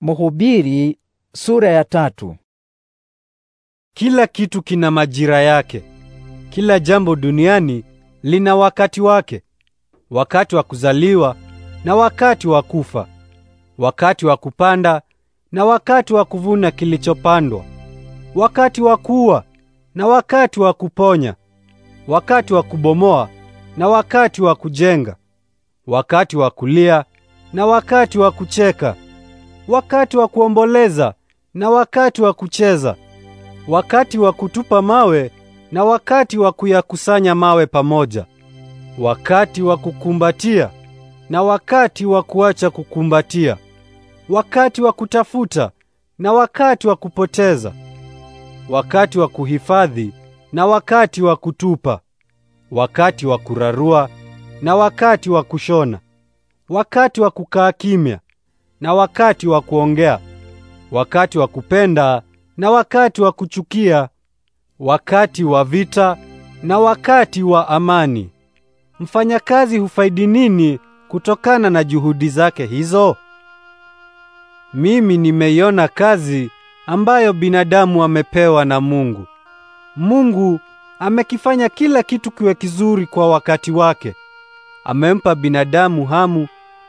Mhubiri sura ya tatu. Kila kitu kina majira yake. Kila jambo duniani lina wakati wake. Wakati wa kuzaliwa na wakati wa kufa. Wakati wa kupanda na wakati wa kuvuna kilichopandwa. Wakati wa kuua na wakati wa kuponya. Wakati wa kubomoa na wakati wa kujenga. Wakati wa kulia na wakati wa kucheka wakati wa kuomboleza na wakati wa kucheza, wakati wa kutupa mawe na wakati wa kuyakusanya mawe pamoja, wakati wa kukumbatia na wakati wa kuacha kukumbatia, wakati wa kutafuta na wakati wa kupoteza, wakati wa kuhifadhi na wakati wa kutupa, wakati wa kurarua na wakati wa kushona, wakati wa kukaa kimya na wakati wa kuongea, wakati wa kupenda na wakati wa kuchukia, wakati wa vita na wakati wa amani. Mfanyakazi hufaidi nini kutokana na juhudi zake hizo? Mimi nimeiona kazi ambayo binadamu amepewa na Mungu. Mungu amekifanya kila kitu kiwe kizuri kwa wakati wake. Amempa binadamu hamu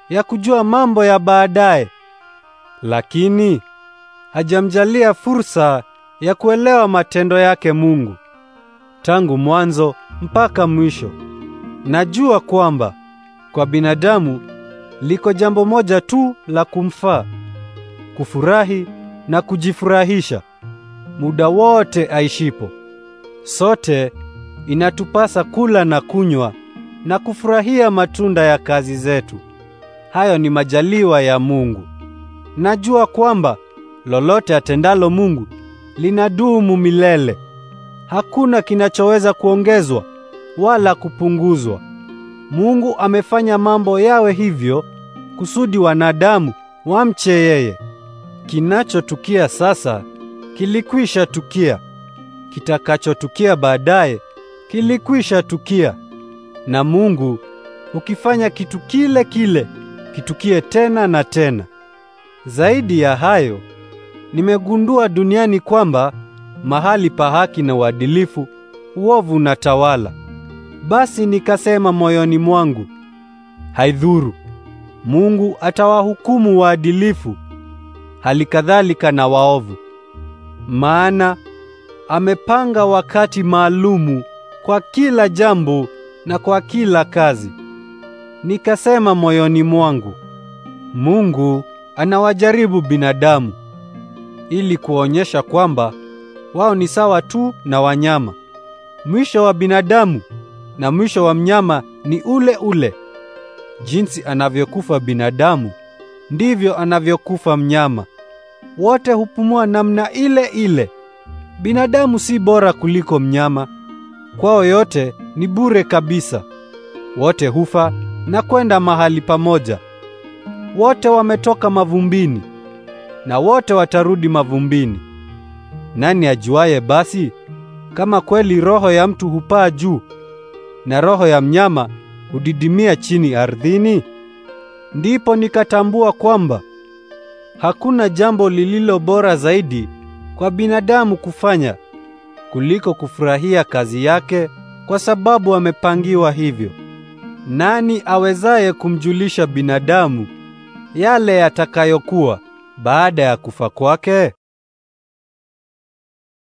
ya kujua mambo ya baadaye, lakini hajamjalia fursa ya kuelewa matendo yake Mungu tangu mwanzo mpaka mwisho. Najua kwamba kwa binadamu liko jambo moja tu la kumfaa: kufurahi na kujifurahisha muda wote aishipo. Sote inatupasa kula na kunywa na kufurahia matunda ya kazi zetu hayo ni majaliwa ya Mungu. Najua kwamba lolote atendalo Mungu linadumu milele. Hakuna kinachoweza kuongezwa wala kupunguzwa. Mungu amefanya mambo yawe hivyo kusudi wanadamu wamche yeye. Kinachotukia sasa kilikwisha tukia, kitakachotukia baadaye kilikwisha tukia, na Mungu ukifanya kitu kile kile yakitukie tena na tena. Zaidi ya hayo, nimegundua duniani kwamba mahali pa haki na uadilifu uovu na tawala. Basi nikasema moyoni mwangu, haidhuru, Mungu atawahukumu waadilifu halikadhalika na waovu, maana amepanga wakati maalumu kwa kila jambo na kwa kila kazi. Nikasema moyoni mwangu, Mungu anawajaribu binadamu ili kuonyesha kwamba wao ni sawa tu na wanyama. Mwisho wa binadamu na mwisho wa mnyama ni ule ule. Jinsi anavyokufa binadamu, ndivyo anavyokufa mnyama. Wote hupumua namna ile ile. Binadamu si bora kuliko mnyama. Kwao yote ni bure kabisa. Wote hufa na kwenda mahali pamoja. Wote wametoka mavumbini na wote watarudi mavumbini. Nani ajuaye basi kama kweli roho ya mtu hupaa juu na roho ya mnyama hudidimia chini ardhini? Ndipo nikatambua kwamba hakuna jambo lililo bora zaidi kwa binadamu kufanya kuliko kufurahia kazi yake kwa sababu amepangiwa hivyo. Nani awezaye kumjulisha binadamu yale yatakayokuwa baada ya kufa kwake?